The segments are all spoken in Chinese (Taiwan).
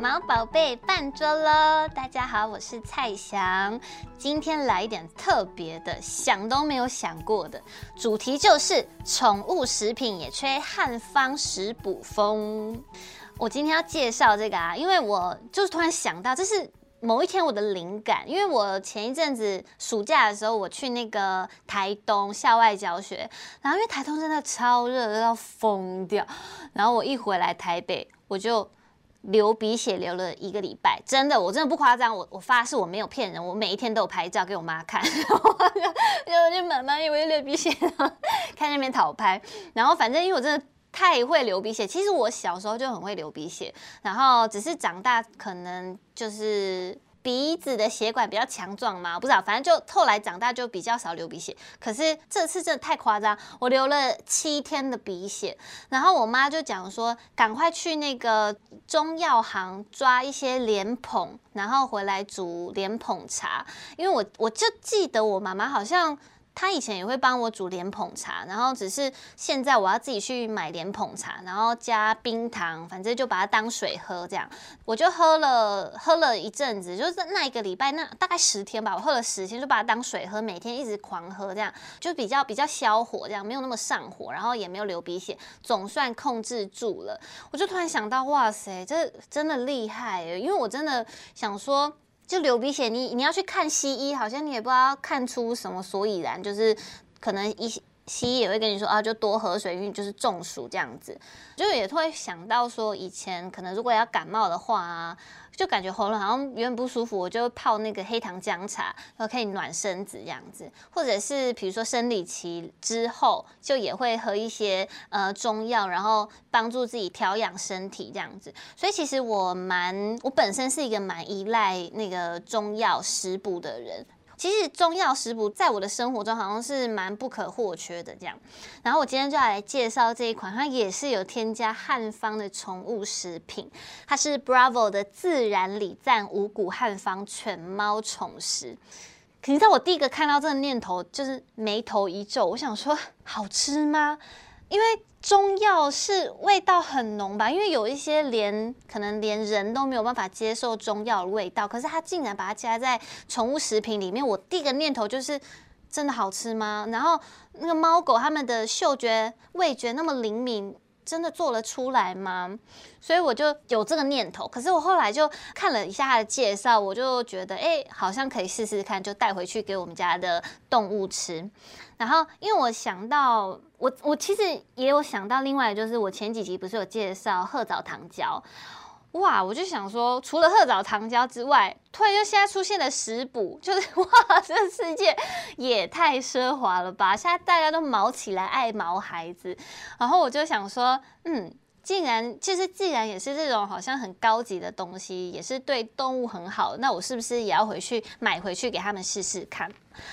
毛寶貝半桌嘍，大家好，我是蔡翔，今天來一點特別的，想都沒有想過的主題就是寵物食品也吹漢方食補風。我今天要介紹這個啊，因為我就是突然想到，這是某一天我的靈感，因為我前一陣子暑假的時候，我去那個台東校外教學，然後因為台東真的超熱要瘋掉，然後我一回來台北我就。流鼻血流了一個禮拜，真的，我真的不誇張，我我發誓我沒有騙人，我每一天都有拍照給我媽看，然後我就我就，我就媽媽以為流鼻血，然後看那邊討拍，然後反正因為我真的太會流鼻血，其實我小時候就很會流鼻血，然後只是長大可能就是。鼻子的血管比較強壯嘛，我不知道，反正就後來長大就比較少流鼻血。可是這次真的太誇張，我流了七天的鼻血，然後我媽就講說，趕快去那個中藥行抓一些蓮蓬，然後回來煮蓮蓬茶，因為我我就記得我媽媽好像。他以前也會幫我煮蓮蓬茶，然後只是現在我要自己去買蓮蓬茶，然後加冰糖，反正就把它當水喝這樣。我就喝了喝了一陣子，就是在那一個禮拜，那大概十天吧，我喝了十天，就把它當水喝，每天一直狂喝這樣，就比較比較消火這樣，沒有那麼上火，然後也沒有流鼻血，總算控制住了。我就突然想到，哇塞，這真的厲害，欸，因為我真的想說。就流鼻血，你你要去看西醫，好像你也不知道看出什麼所以然，就是可能一些。西醫也會跟你說啊，就多喝水，因為你就是中暑這樣子，就也會想到說以前可能如果要感冒的話啊，就感覺喉嚨好像有點不舒服，我就泡那個黑糖薑茶，然後可以暖身子這樣子，或者是比如說生理期之後，就也會喝一些呃中藥，然後幫助自己調養身體這樣子。所以其實我蠻，我本身是一個蠻依賴那個中藥食補的人。其實中藥食補在我的生活中好像是蠻不可或缺的這樣，然後我今天就要來，來介紹這一款，它也是有添加漢方的寵物食品，它是 Bravo 的自然禮讚五穀漢方犬貓寵食。可是在我第一個看到這個念頭，就是眉頭一皺，我想說好吃嗎？因為中藥是味道很濃吧，因為有一些連可能連人都沒有辦法接受中藥的味道，可是它竟然把它加在寵物食品裡面，我第一個念頭就是真的好吃嗎？然後那個貓狗它們的嗅覺、味覺那麼靈敏。真的做了出來嗎？所以我就有這個念頭。可是我後來就看了一下他的介紹，我就覺得哎、欸，好像可以試試看，就帶回去給我們家的動物吃。然後因為我想到，我我其實也有想到另外，就是我前幾集不是有介紹褐藻糖膠。哇！我就想說，除了褐藻糖膠之外，突然就現在出現了食補，就是哇，這個世界也太奢華了吧！現在大家都毛起來愛毛孩子，然後我就想說，嗯。竟然，就是，既然也是這種好像很高級的東西，也是對動物很好，那我是不是也要回去買回去給他們試試看？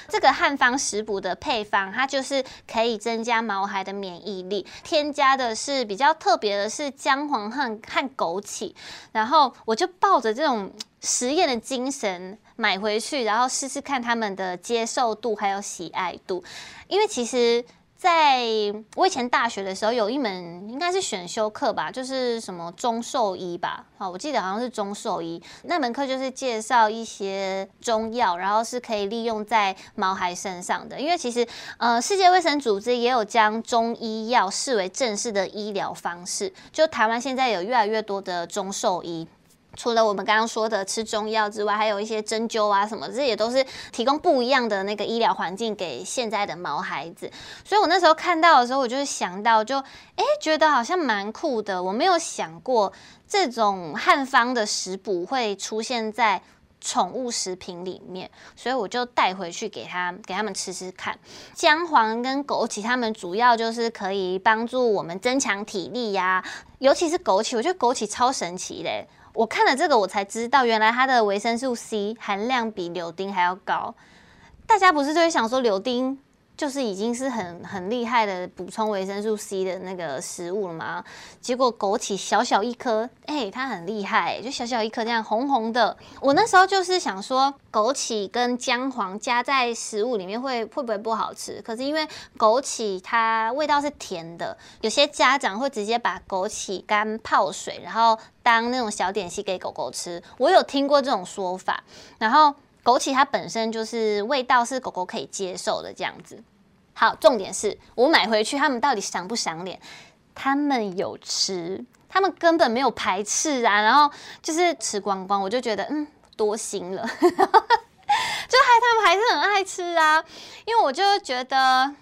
這個漢方食補的配方，它就是可以增加毛孩的免疫力，添加的是比較特別的是薑黃和和枸杞。然後我就抱着這種實驗的精神買回去，然後試試看他們的接受度還有喜愛度，因為其實。在我以前大學的時候，有一門應該是選修課吧，就是什麼中獸醫吧，啊，我記得好像是中獸醫。那門課就是介紹一些中藥，然後是可以利用在毛孩身上的。因為其實，呃，世界衛生組織也有將中醫藥視為正式的醫療方式，就台灣現在有越來越多的中獸醫。除了我們剛剛說的吃中藥之外，還有一些針灸啊什麼，這也都是提供不一樣的那個醫療環境給現在的毛孩子。所以，我那時候看到的時候，我就是想到就，就哎，覺得好像蠻酷的。我沒有想過這種漢方的食補會出現在寵物食品裡面，所以我就帶回去給他給他們吃吃看。薑黃跟枸杞，他們主要就是可以幫助我們增強體力呀、啊，尤其是枸杞，我覺得枸杞超神奇的、欸。我看了這個，我才知道原來它的維生素 C 含量比柳丁還要高。大家不是就會想說柳丁，就是已經是很很厲害的補充維生素 C 的那個食物了嘛。結果枸杞小小一顆，哎、欸，它很厲害、欸，就小小一顆這樣紅紅的。我那時候就是想說，枸杞跟薑黃加在食物裡面會會不會不好吃？可是因為枸杞它味道是甜的，有些家長會直接把枸杞乾泡水，然後當那種小點心給狗狗吃。我有聽過這種說法，然後。枸杞它本身就是味道是狗狗可以接受的這樣子。好，重點是我買回去，它們到底賞不賞臉？它們有吃，它們根本沒有排斥啊。然後就是吃光光，我就覺得嗯，多心了。 就害他們還是很愛吃啊，因為我就覺得，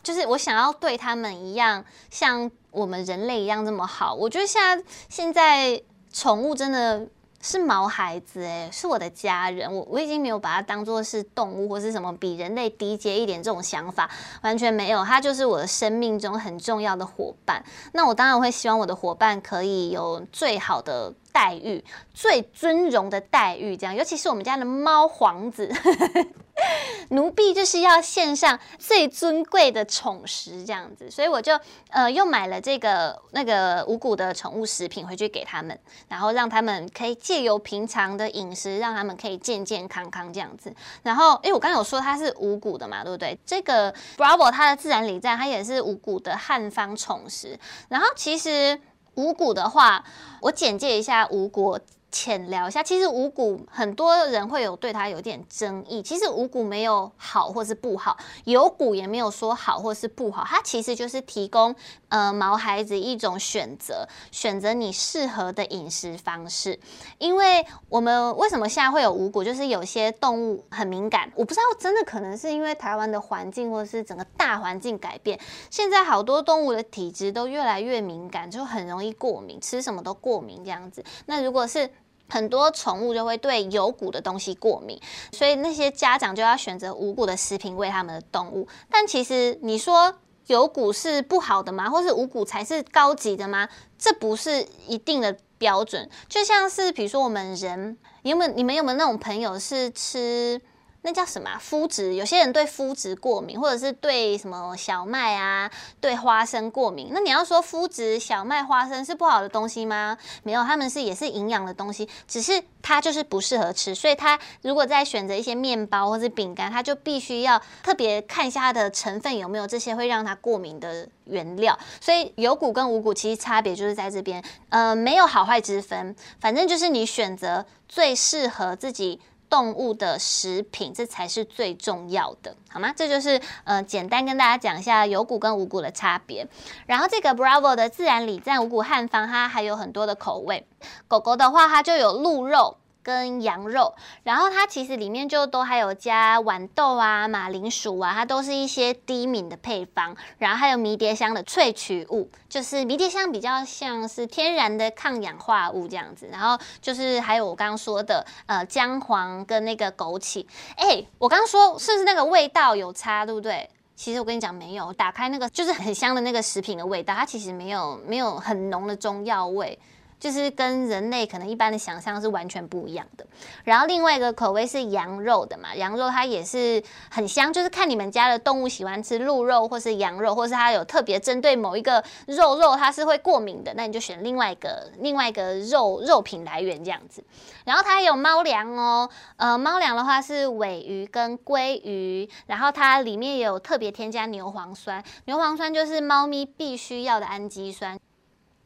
就是我想要對他們一樣，像我們人類一樣這麼好。我覺得現在現在寵物真的。是毛孩子哎、欸，是我的家人。我我已經沒有把它當做是動物或是什麼比人類低階一點這種想法，完全沒有。它就是我的生命中很重要的夥伴。那我當然會希望我的夥伴可以有最好的待遇、最尊榮的待遇，這樣。尤其是我們家的貓皇子。呵呵 奴婢就是要獻上最尊貴的寵食，這樣子，所以我就呃又買了這個那個無穀的寵物食品回去給他們，然後讓他們可以借由平常的飲食，讓他們可以健健康康這樣子。然後，因、欸、我剛有說它是無穀的嘛，對不對？這個 Bravo 它的自然禮讚，它也是無穀的漢方寵食。然後其實無穀的話，我簡介一下無穀。淺聊一下，其實無穀很多人會有對它有點爭議。其實無穀沒有好或是不好，有穀也沒有說好或是不好，它其實就是提供呃毛孩子一種選擇，選擇你適合的飲食方式。因為我們為什麼現在會有無穀，就是有些動物很敏感，我不知道真的可能是因為台灣的環境或者是整個大環境改變，現在好多動物的體質都越來越敏感，就很容易過敏，吃什麼都過敏這樣子。那如果是很多寵物就會對有穀的東西過敏，所以那些家長就要選擇無穀的食品餵他們的動物。但其實你說有穀是不好的嗎？或是無穀才是高級的嗎？這不是一定的標準。就像是比如說我們人，你有沒有？你們有沒有那種朋友是吃？那叫什麼啊？麩質。有些人對麩質過敏，或者是對什麼小麥啊、對花生過敏。那你要說麩質、小麥、花生是不好的東西嗎？沒有，他們是也是營養的東西，只是它就是不適合吃。所以它如果再選擇一些麵包或者餅乾，它就必須要特別看一下它的成分有沒有這些會讓它過敏的原料。所以有穀跟無穀其實差別就是在這邊，呃，沒有好壞之分，反正就是你選擇最適合自己動物的食品，這才是最重要的，好嗎？這就是呃，簡單跟大家講一下有穀跟無穀的差別。然後這個 Bravo 的自然禮讚無穀漢方，它還有很多的口味。狗狗的話，它就有鹿肉。跟羊肉，然後它其實裡面就都還有加豌豆啊、馬鈴薯啊，它都是一些低敏的配方，然後還有迷迭香的萃取物，就是迷迭香比較像是天然的抗氧化物這樣子，然後就是還有我剛剛說的呃薑黃跟那個枸杞。誒，我剛剛說是不是那個味道有差，對不對？其實我跟你講沒有，我打開那個就是很香的那個食品的味道，它其實沒有沒有很濃的中藥味。就是跟人類可能一般的想象是完全不一樣的。然後另外一個口味是羊肉的嘛，羊肉它也是很香，就是看你們家的動物喜歡吃鹿肉，或是羊肉，或是它有特別針對某一個肉肉，它是會過敏的，那你就選另外一個另外一個肉肉品來源這樣子。然後它有貓糧哦，呃，貓糧的話是鮪魚跟鮭魚，然後它裡面也有特別添加牛磺酸，牛磺酸就是貓咪必須要的氨基酸。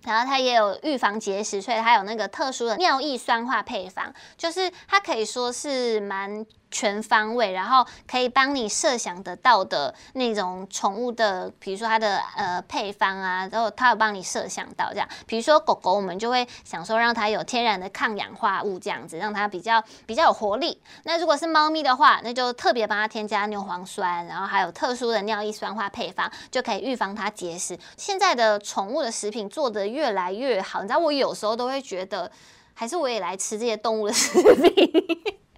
然後它也有預防結石，所以它有那個特殊的尿液酸化配方，就是它可以說是蠻。全方位，然後可以幫你設想得到的那種寵物的，比如說它的呃配方啊，然後它有幫你設想到這樣，比如說狗狗，我們就會想說讓它有天然的抗氧化物這樣子，讓它比較比較有活力。那如果是貓咪的話，那就特別幫它添加牛磺酸，然後還有特殊的尿液酸化配方，就可以預防它結石。現在的寵物的食品做得越來越好，你知道我有時候都會覺得，還是我也來吃這些動物的食品。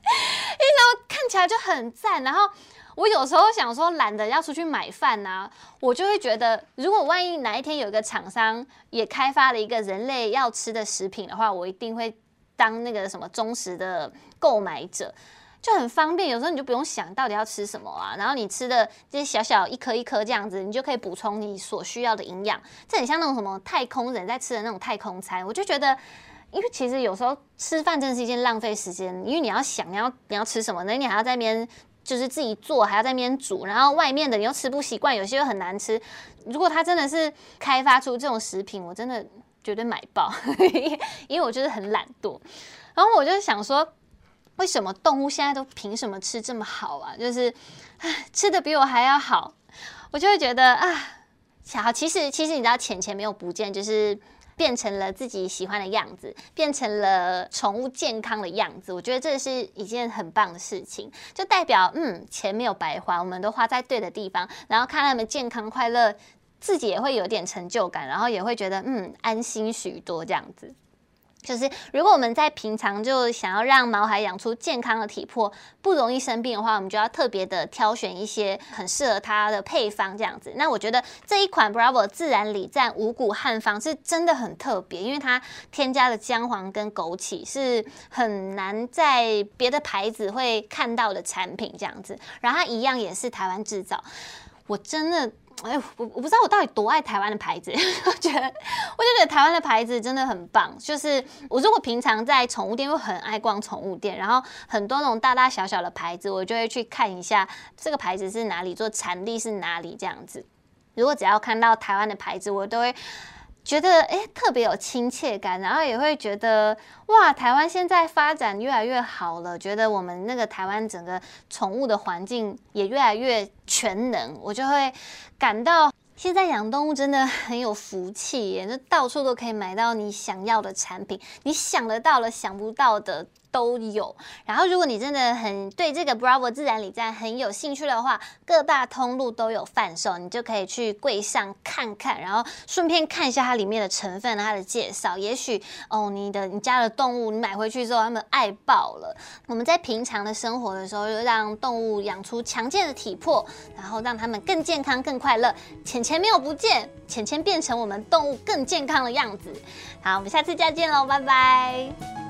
然後看起來就很讚，然後我有時候想說懶得要出去買飯吶、啊，我就會覺得，如果萬一哪一天有一個廠商也開發了一個人類要吃的食品的話，我一定會當那個什麼忠實的購買者，就很方便。有時候你就不用想到底要吃什麼啊，然後你吃的這些小小一顆一顆這樣子，你就可以補充你所需要的營養。這很像那種什麼太空人在吃的那種太空餐，我就覺得。因為其實有時候吃飯真的是一件浪費時間，因為你要想，你要你要吃什麼呢？你還要在那邊就是自己做，還要在那邊煮，然後外面的你又吃不習慣，有些又很難吃。如果他真的是開發出這種食品，我真的絕對買爆， 因為我就是很懶惰。然後我就想說，為什麼動物現在都憑什麼吃這麼好啊？就是唉吃的比我還要好，我就會覺得啊，巧其實其實你知道，錢錢沒有不見就是。變成了自己喜歡的樣子，變成了寵物健康的樣子。我覺得這是一件很棒的事情，就代表嗯，錢沒有白花，我們都花在對的地方。然後看他們健康快樂，自己也會有點成就感，然後也會覺得嗯，安心許多這樣子。就是，如果我們在平常就想要讓毛孩養出健康的體魄，不容易生病的話，我們就要特別的挑選一些很適合它的配方這樣子。那我覺得這一款 Bravo 自然禮讚五谷漢方是真的很特別，因為它添加了薑黃跟枸杞是很難在別的牌子會看到的產品這樣子。然後它一樣也是台灣制造，我真的。哎，我我不知道我到底多愛台灣的牌子，我覺得，我就覺得台灣的牌子真的很棒。就是我如果平常在寵物店，又很愛逛寵物店，然後很多那種大大小小的牌子，我就會去看一下這個牌子是哪裡做，產地是哪裡這樣子。如果只要看到台灣的牌子，我都會。覺得哎，特別有親切感，然後也會覺得哇，台灣現在發展越來越好了，覺得我們那個台灣整個寵物的環境也越來越全能，我就會感到現在養動物真的很有福氣耶，就到處都可以買到你想要的產品，你想得到了，想不到的。都有。然後，如果你真的很對這個 Bravo 自然禮讚很有興趣的話，各大通路都有販售，你就可以去櫃上看看，然後順便看一下它裡面的成分、它的介紹。也許哦，你的你家的動物，你買回去之後，它們愛爆了。我們在平常的生活的時候，就讓動物養出強健的體魄，然後讓它們更健康、更快樂。錢錢沒有不見，錢錢變成我們動物更健康的樣子。好，我們下次再見嘍，拜拜。